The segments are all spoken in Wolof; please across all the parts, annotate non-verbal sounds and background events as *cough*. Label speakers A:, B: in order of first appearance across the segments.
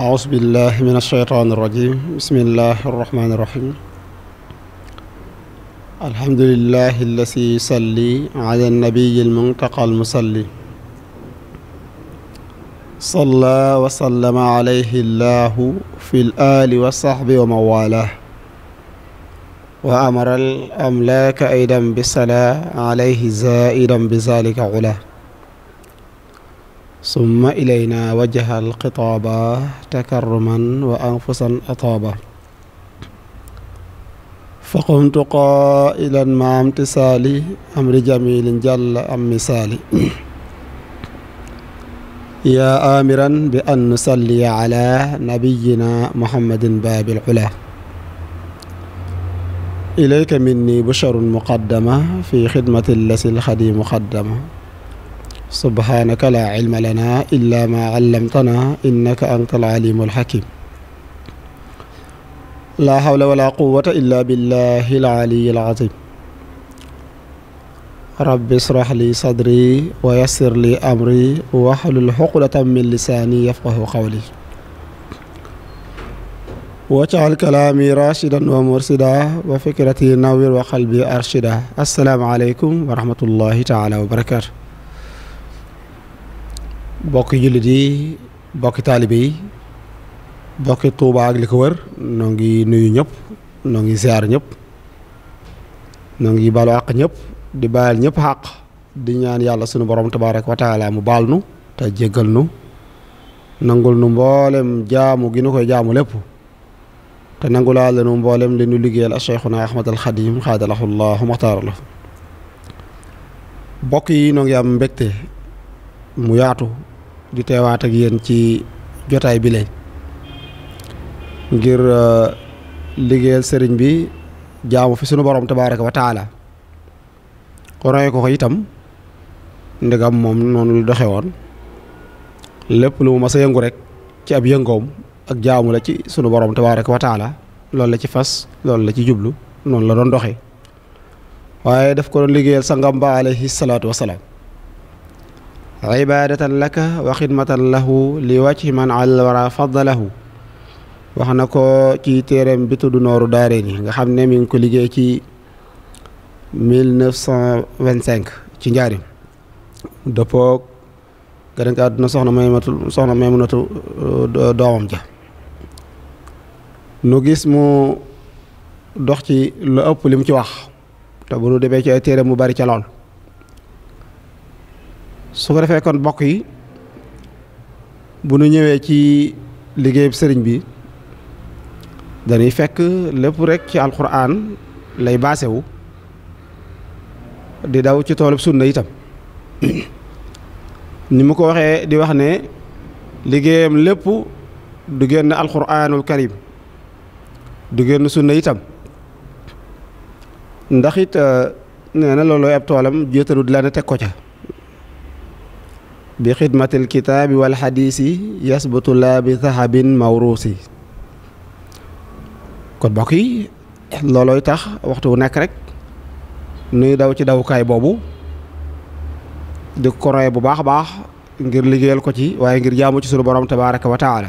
A: أعوذ بالله من الشيطان الرجيم بسم الله الرحمن الرحيم الحمد لله الذي يصلي على النبي المنتقى المصلي صلى وسلم عليه الله في الآل والصحب ومن والاه وأمر الأملاك أيضا بالصلاة عليه زائدا بذلك علاه summa ilayna wajahal xitaaba takarruman wa anfusan ataaba fa qumtu qaa'ilan ma amtisaali amri jamilin jalla am misaali yaa aamiran bi an nusalliya ala nabiyina muhammadin baabil ula ilayka minni busharun muqaddama fi xidmati lasi lxadimu qaddama subhanaka laa cilma lanaa illaa maa callamtanaa innaka anta alcaliimu alxakiim laa hawla walaa quwwata illaa billaahi alcaliyyi alcaziim rabbi israh li sadri wa yassir li amri wahlul xuqdatan min lisaani yafqahu qawli wajcal kalaami rashidan wa mursida wa fikrati nawir wa qalbi arshida assalaamu aleykum wa rahmatullahi taala wa barakaatu bokki jullit yi bokki taalibe yi bokki Touba ak li ko wër noo ngi nuyu ñëpp noo ngi ziar ñëpp noo ngi baalu àq ñëpp di baal ñëpp àq di ñaan yàlla sunu borom tabaaraka wa mu baal nu te jéggal nu nangul nu mboolem jaamu gi koy jaamu lépp te nangulaal la leen mboolem li nu liggéeyal ak naa Ahmad al Xadim xaadalahu llahu maxtaara la bokk yi noo ngi am mbégte mu yaatu di teewaat ak yéen ci jotaay bi lañ ngir euh, liggéeyal sëriñ bi jaamu fi sunu borom tabaaraka wa taala roy ko ko itam ndegam moom noonu lu doxe woon lépp lu mu mas a yëngu rek ci ab yëngoom ak jaamu la ci sunu borom tabaaraka wa taala loolu la ci fas loolu la ci jublu noonu la doon doxe waaye daf ko doon liggéeyal sangam ba alayhi salaatu wa salaam ibaadatan laka wa xidmatan lahu li wàcci man al wara faddalahu wax na ko ci téeréem bi tudd nooru daare ni nga xam ne mi ngi ko liggéey ci 1925 ci njaarim dëppoo gën a àdduna soxna Maymunatu soxna Maymunatu doomam ja nu gis mu dox ci lu ëpp li mu ci wax te bu nu demee ci ay téere mu bari ca lool su ko defee kon bokk yi bu nu ñëwee ci liggéeyub sëriñ bi dañuy fekk lépp rek ci alxuraan lay baasewu di daw ci toolub sunna itam *clears throat* ni mu ko waxee di wax ne liggéeyam lépp du génn alxuraanul karim du génn sunna itam ndax it eh, nee na loolooy ab toolam jéetalu di la ne teg ko ca bi xidmatil kitaabi wal xadiisi yasbutu laa bi saxabin mawruusi kon mbokk yi loolooy tax waxtu wu nekk rek nuy daw ci dawukaay boobu di ko roye bu baax a baax ngir liggéeyal ko ci waaye ngir jaamu ci sunu borom tabaaraka wa taala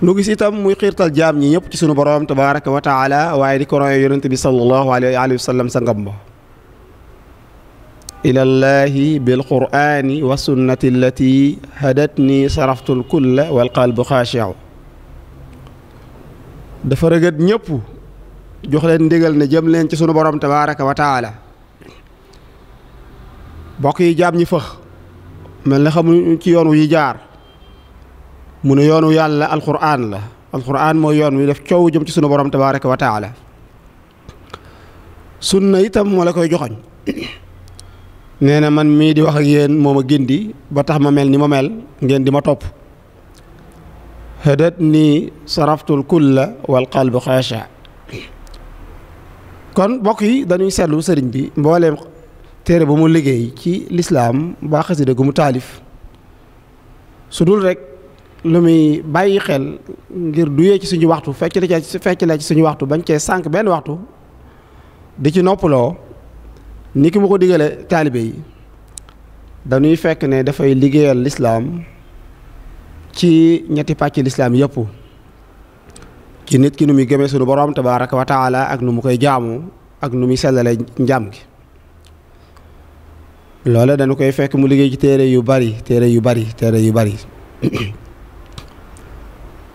A: nu gis itam muy xiirtal jaam ñi ñëpp ci sunu borom tabaaraka wa taala waaye di ko roye yonent bi sallallahu alayhi wa sallam sa ngam ba ilallahi bilqur'ani wa sunnati allati hadatni saraftul kulla wal qalbu xaashi'u dafa rëgët ñëpp jox leen ndigal ne jëm leen ci sunu borom tabaaraka wa taala bokk yi jaam ñi fëx mel na xamuñu ci yoon wu yi jaar mu ne yoonu yàlla alqur'an la alqur'an mooy yoon wi def coow jëm ci sunu borom tabaaraka wa taala sunna itam moo koy joxoñ nee na man mii di wax ak yéen moo ma gindi ba tax ma mel ni ma mel ngeen di ma topp hadat nii saraftul kulla wal qalbu xaacha kon mbokk yi dañuy seetlu sëriñ bi mbooleem téere bu mu liggéey ci lislaam baa xasida gu mu taalif su dul rek lu muy bàyyi xel ngir duyee ci suñu waxtu fecc la ci fecc la ci suñu waxtu bañ cee sànq benn waxtu di ci noppaloo ni ki ma ko digale taalibe yi dañuy fekk ne dafay liggéeyal lislaam ci ñetti pàcc lislaam yëpp ci nit ki nu muy gëmee sunu te tabaaraka wa taala ak nu mu koy jaamu ak nu muy sellale njaam gi loole danu koy fekk mu liggéey ci téere yu bari téere yu bari téere yu bari *coughs*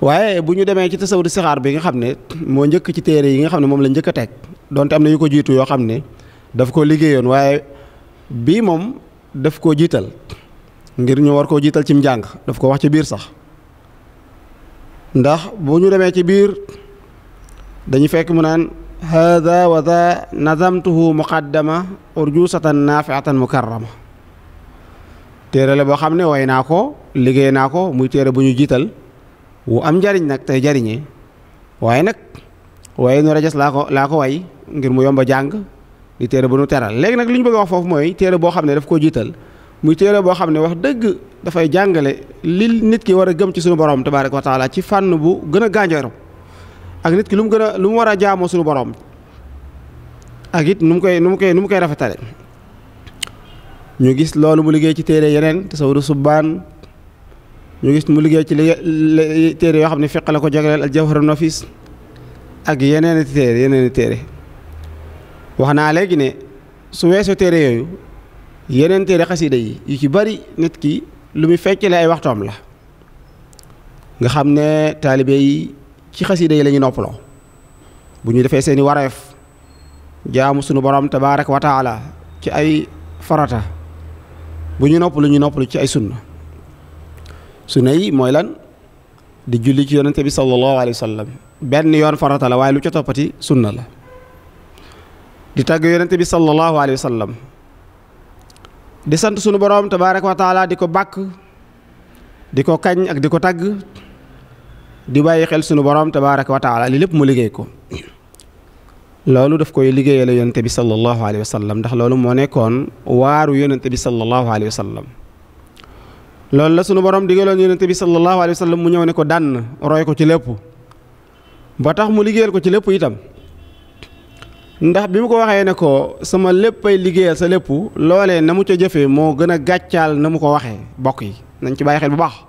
A: waaye bu ñu demee ci tasawur sixaar bi nga xam ne moo njëkk ci téere yi nga xam ne moom la njëkk a teg donte am na yu ko jiitu yoo xam ne daf ko liggéeyoon waaye bii moom def koo jiital ngir ñu war koo jiital cim njàng daf ko wax ci biir sax ndax boo ñu demee ci biir dañu fekk mu naan hada wa da nazamtuhu muqaddama urjuusatan naafiatan mukarrama téere la boo xam ne way naa ko liggéey naa ko muy téere bu ñu jiital wu am njariñ nag tey jariñee waaye nag waaye nu rajas laa ko laa ko way ngir mu yomba jàng di téere bu léegi nag li ñu bëgg wax foofu mooy téere boo xam ne daf koo jiital muy téere boo xam ne wax dëgg dafay jàngale li nit ki war a gëm ci suñu borom tabaaraka wa taala ci fànn bu gën a gànjooram ak nit ki lu mu gën a lu mu war a jaamoo suñu borom ak it nu mu koy nu mu koy nu mu koy rafetale ñu gis loolu mu liggéey ci téere yeneen tasawuru subbaan ñu gis mu liggéey ci li téere yoo xam ne fiq la ko jagleel al jawharu nafis ak yeneen i téere yeneen i téere wax naa léegi ne su weesoo téere yooyu yeneen téere xasida yi yu ci bari nit ki lu muy feccale ay waxtoom la nga xam ne taalibe yi ci xasida yi lañuy ñu noppaloo bu ñu defee seeni wareef jaamu sunu borom tabaaraka wa taala ci ay forota bu ñu lu ñu noppalu ci ay sunna sunna yi mooy lan di julli ci yonente bi sallallahu alayhi wa sallam benn yoon farata la waaye lu ca toppati na la di tàgg yonent bi sallallahu alayhi wa di sant sunu boroom tabaaraka wa taala di ko bàkk di ko kañ ak di ko tàgg di bàyyi xel sunu boroom tabaaraka wa taala li lépp mu liggéey ko loolu daf koy liggéeyal yonent bi sallallahu alayhi wa sallam ndax loolu moo nekkoon waaru yonent bi sallallahu alayhi wa loolu la sunu borom digaloon yonent bi sallallahu alayhi wa mu ñëw ne ko dànn roy ko ci lépp ba tax mu liggéeyal ko ci lépp ndax bi mu ko waxee ne ko sama léppay ay liggéeyal sa léppu loolee na mu ca jëfee moo gën a gàccaal na mu ko waxee bokk yi nañ ci bàyyi xel bu baax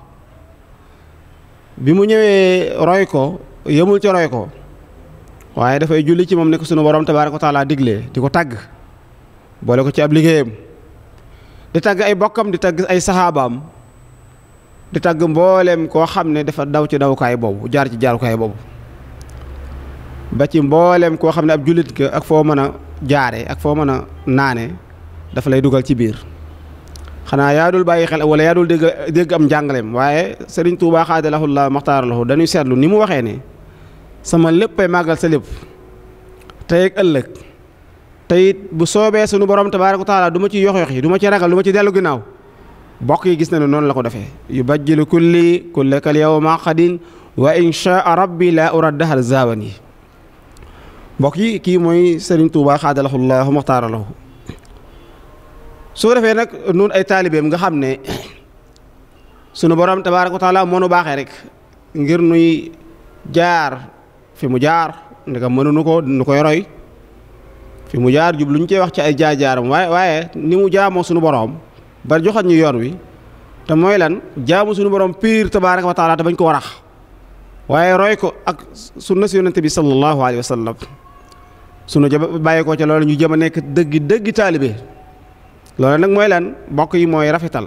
A: bi mu ñëwee roy ko yëmul ca roy ko waaye dafay julli ci moom ne ko sunu borom tabaaraka wa taala diglee di ko tàgg boole ko ci ab liggéeyam di tàgg ay bokkam di tàgg ay saxaabaam di tàgg mbooleem koo xam ne dafa daw ci dawkaay boobu jaar ci jaarukaay boobu ba ci mboolem koo xam ne ab jullit ka ak foo mën a jaare ak foo mën a naane dafa lay dugal ci biir xanaa yaa dul bàyyi xel wala yaa dul dégg dégg am njàngaleem waaye sëriñ Tuubaa xaadalahu la maxtaara lahu dañuy seetlu ni mu waxee ne sama léppay màggal sa lépp tey ëllëg tey bu soobee sunu borom tabaaraka taala du ma ci yox yox yi du ci ragal du ma ci dellu ginnaaw bokk yi gis na ne noonu la ko defee yu bajjilu kulli kullakal yawma xadin wa insha rabbi la uraddaxal zaawan yi mbokk yi kii mooy Serigne Touba xaadalaxullahu muxtaaralahu su ko defee nag nun ay taalibeem nga xam ne sunu borom tabaaraka wa taala moo nu baaxee rek ngir nuy jaar fi mu jaar ndegam mënuñu ko nu koy roy fi mu jaar jub lu ñu cee wax ci ay jaar jaaram waaye waaye ni mu jaamoo sunu borom ba joxat ñu yoon wi te mooy lan jaamu sunu borom piir tabaaraka wa te bañ ko warax waaye roy ko ak sunna si yonente bi sallallahu alayhi wa sunu jëm bàyyi ko ca loolu ñu jëm a nekk dëggi dëggi taalibe loolu nag mooy lan bokk yi mooy rafetal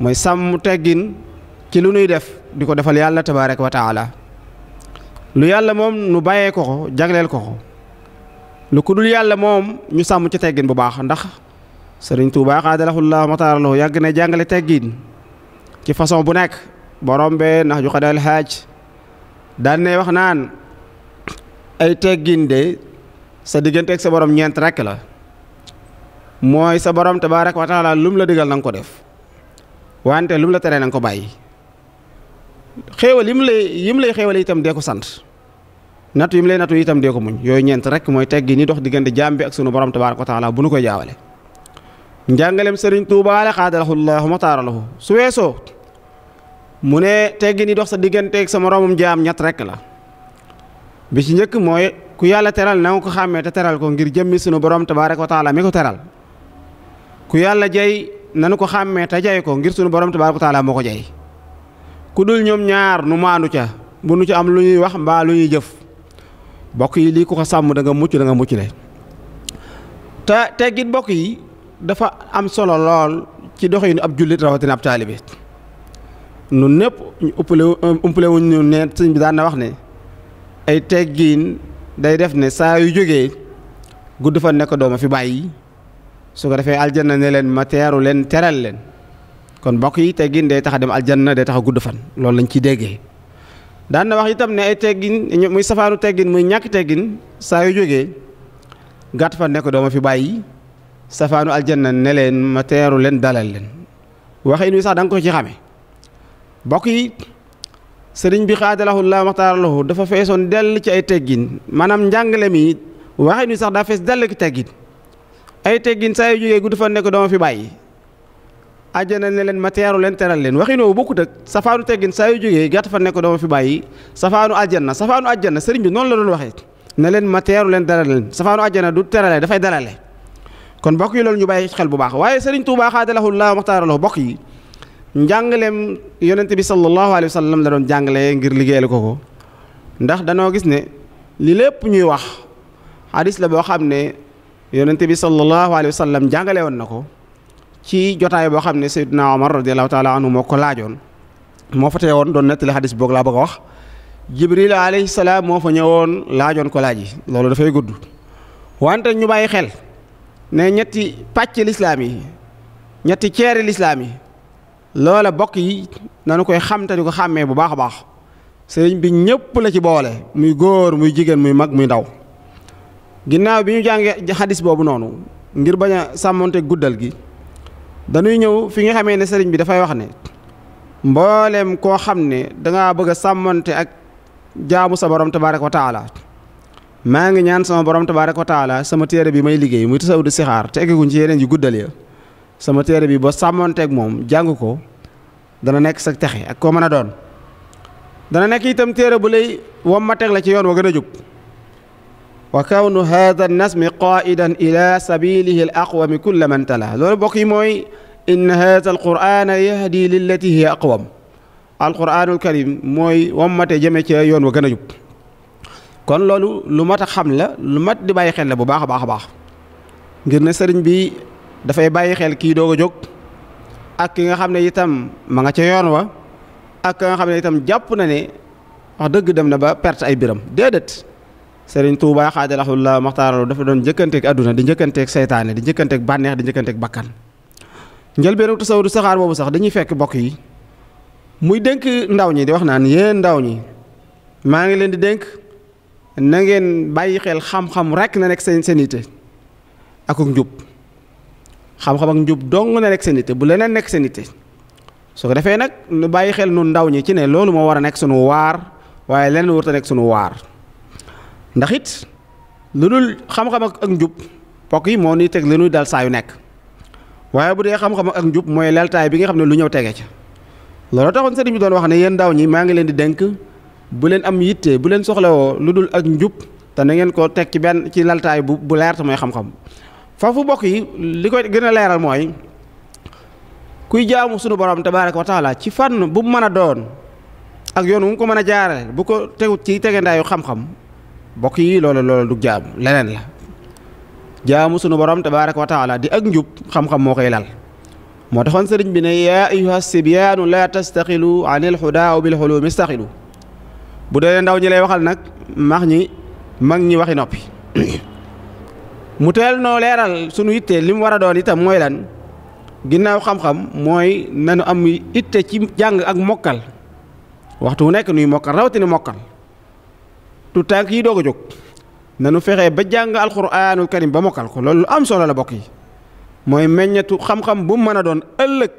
A: mooy sàmm teggin ci lu nuy def di ko defal yàlla tabaaraka wa taala lu yàlla moom nu bàyyee ko ko jagleel ko ko lu ku dul yàlla moom ñu sàmm ci teggin bu baax ndax sëriñ Tuubaa xaadalahu llaahu mataaralahu yàgg na jàngale teggin ci façon bu nekk borom be ndax ju xadal xaaj daan wax naan ay teggin de sa diggante ak sa borom ñeent rekk la mooy sa borom tabaaraka wa taala lum la digal na nga ko def wante lum la teree na ko bàyyi xéewal yim lay mu lay xéewale itam dee ko sant nat nattu yim lay nattu tam dee ko muñ yooyu ñeent rekk mooy teggin yi dox diggante jaam bi ak sunu borom tabaaraka wa bu nu koy jaawale njàngaleem sëriñ Tuubaa la xaadalahu su weesoo mu ne teggin yi dox sa diggante sa moromum jaam ñett rekk la bi ci njëkk mooy ku yàlla teral na ko xàmmee te teral ko ngir jëmmi sunu borom tabaaraka ko taala mi ko teral ku yàlla jay nanu ko xàmmee te jay ko ngir sunu borom tabaaraka wa taala moo ko jay ku dul ñoom ñaar nu maandu ca bu nu ci am lu ñuy wax mbaa lu ñuy jëf bokk yi lii ku ko sàmm danga mucc da nga mucc le te teggit bokk yi dafa am solo lool ci doxinu ab jullit rawatina ab taalibe nun ñëpp umpale umpale wuñ ne bi daan na wax ne ay teggiin day def ne saa yu jógee gudd fan nekk dooma fi bàyyi su ko defee aljanna ne leen ma teeru leen teral leen kon mbokk yi teggiin day tax a dem aljanna day tax a gudd fan loolu lañ ciy déggee. daan na wax itam ne ay teggin muy safaanu teggin muy ñàkk teggin saa yu jógee gàtt fan nekk dooma fi bàyyi safaanu aljanna ne leen ma teeru leen dalal leen waxin wi sax da nga ko ci xame mbokk sëriñ bi xaadalahu laa maxtaaralahu dafa feesoon dell ci ay teggin maanaam njàngale mi waxin wi sax daa fees dell ci teggin ay teggin saa yu jógee gudd fa nekk dooma fi bàyyi àjjana ne leen ma leen teral leen waxin woowu bokkut ak safaanu teggin saa yu jógee gàtt fa nekk dooma fi bàyyi safaanu àjjana safaanu àjjana sëriñ bi noonu la doon waxee ne leen ma teeru leen dalal leen safaanu àjjana du terale dafay dalale kon bokk yi loolu ñu bàyyi xel bu baax waaye sëriñ Tuubaa xaadalahu laa maxtaaralahu bokk yi njàngaleem yonent bi sallallahu alayhi wa sallam la doon jàngalee ngir liggéeyal ko ko ndax danoo gis ne li lépp ñuy wax hadis la boo xam ne yonent bi sallallahu alayhi wa sallam jàngale woon na ko ci jotaay boo xam ne Seydina Omar radiyallahu taala anhu moo ko laajoon moo fa teewoon doon nettali hadis boog laa ba a wax Jibril alayhi salaam moo fa ñëwoon laajoon ko laaj yi loolu dafay gudd wante ñu bàyyi xel ne ñetti pàcc lislaam yi ñetti ceeri lislaam yi loola bokk yi nanu koy xam te ko xàmmee bu baax a baax sëriñ bi ñëpp la ci boole muy góor muy jigéen muy mag muy ndaw ginnaaw bi ñu jàngee xadis boobu noonu ngir bañ a sàmmonte guddal gi dañuy ñëw fi nga xamee ne sëriñ bi dafay wax ne mbooleem koo xam ne dangaa bëgg a sàmmonte ak jaamu sa borom tabaaraka wa taala maa ngi ñaan sama borom tabaaraka wa taala sama téere bi may liggéey muy tasawudu sixaar te eggaguñ ci yeneen yu guddal ya sama téere bi ba sàmmoonteeg moom jàng ko dana nekk sa texe ak koo mën a doon dana nekk itam téere bu lay wommateeg la ci yoon wa gën a jub wa kawnu hada nasmi qaidan ila sabilihi al aqwami kulla man loolu bokk yi mooy inna hada al qurana yahdi lillati hiya aqwam karim mooy wommate jëme ci yoon wa gën a jub kon loolu lu mat a xam la lu mat di bàyyi xel la bu baax a baax a baax ngir ne sëriñ bi dafay bàyyi xel kii doog a jóg ak ki nga xam ne itam ma nga ca yoon wa ak ka nga xam ne itam jàpp na ne wax dëgg dem na ba perte ay biram déedéet Serigne Touba xaadalaxulla maxtaaralo dafa doon njëkkanteeg adduna di njëkkanteeg seytaane di njëkkanteeg bànneex di njëkkanteeg bàkkan njëlbeenu tasawudu saxaar boobu sax dañuy fekk bokk yi muy dénk ndaw ñi di wax naan yéen ndaw ñi maa ngi leen di dénk na ngeen bàyyi xel xam-xam rek na nekk seen seen ité ak njub xam-xam ak njub dong na nekk seen itte bu leneen nekk seen itte su ko defee nag nu bàyyi xel nu ndaw ñi ci ne loolu moo war a nekk sunu waar waaye leneen warut a nekk sunu waar ndax it lu dul xam-xam ak njub pokk yi moo ni teg li nuy yu nekk waaye bu dee xam ak njub mooy laltaay bi nga xam ne lu ñëw tege ca loolu taxoon sëriñ bi doon wax ne yéen ndaw ñi maa ngi leen di dénk bu leen am yitte bu leen soxlawoo lu dul ak njub te na ngeen ko teg ci benn ci laltaay bu bu leer te mooy xam-xam foofu bokk yi li koy gën a leeral mooy kuy jaamu sunu borom tabaaraka wa taala ci fànn bu mën a doon ak yoon wu ko mën a jaarale bu ko tegu ci tegandaayu xam-xam bokk yi loolu loolu du jaamu leneen la jaamu sunu borom tabaaraka wa taala di ak njub xam-xam moo koy lal moo taxoon sëriñ bi ne yaa ayyuha sibyaanu laa tastaxilu anil xudaa bil xuluumi staxilu bu dee ndaw ñi lay waxal nag max ñi mag ñi waxi noppi mu teel noo leeral sunu yitte li mu war a doon itam mooy lan ginnaaw xam-xam mooy nanu am itte ci jàng ak mokkal waxtu nekk nuy mokkal rawatina mokkal tu tànk yi doo ko jóg nanu fexe ba jàng alxuraanul karim ba mokkal ko loolu lu am solo la bokk yi mooy meññetu xam-xam bu mën a doon ëllëg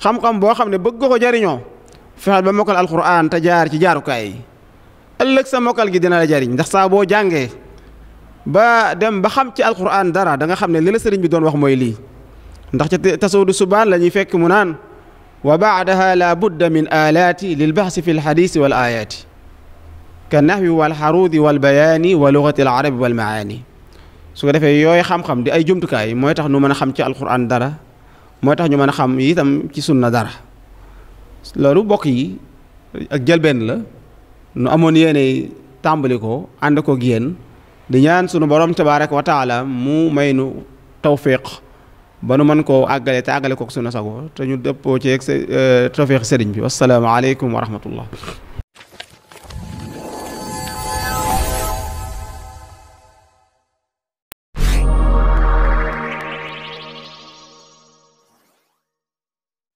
A: xam-xam boo xam ne bëgg ko jariñoo fexeel ba mokkal alxuraan te jaar ci jaarukaay yi ëllëg sa mokkal gi dina la jariñ ndax saa boo jàngee ba dem ba xam ci alquran dara da nga xam ne li la sëriñ bi doon wax mooy lii ndax ci tasawudu subaan la ñuy fekk mu naan wa baadaha la budda min alaati lil baxsi fi lxadisi wal ayaati ka nahwi wal xaruudi wal bayaani wa lugati al arabi wal maani su ko defee yooyu xam-xam di ay jumtukaay mooy tax nu mën a xam ci alquran dara mooy tax ñu mën a xam itam ci sunna dara loolu bokk yi ak jëlbeen la nu amoon yéene tàmbali ko ànd ko ak di ñaan sunu borom tabaaraka wa taala mu may nu tawfiq ba nu mën koo àggale te àggale kook sunu sagoo te ñu dëppoo ceeg sa euh, tawfiq sëriñ bi wasalaamaaleykum wa rahmatullah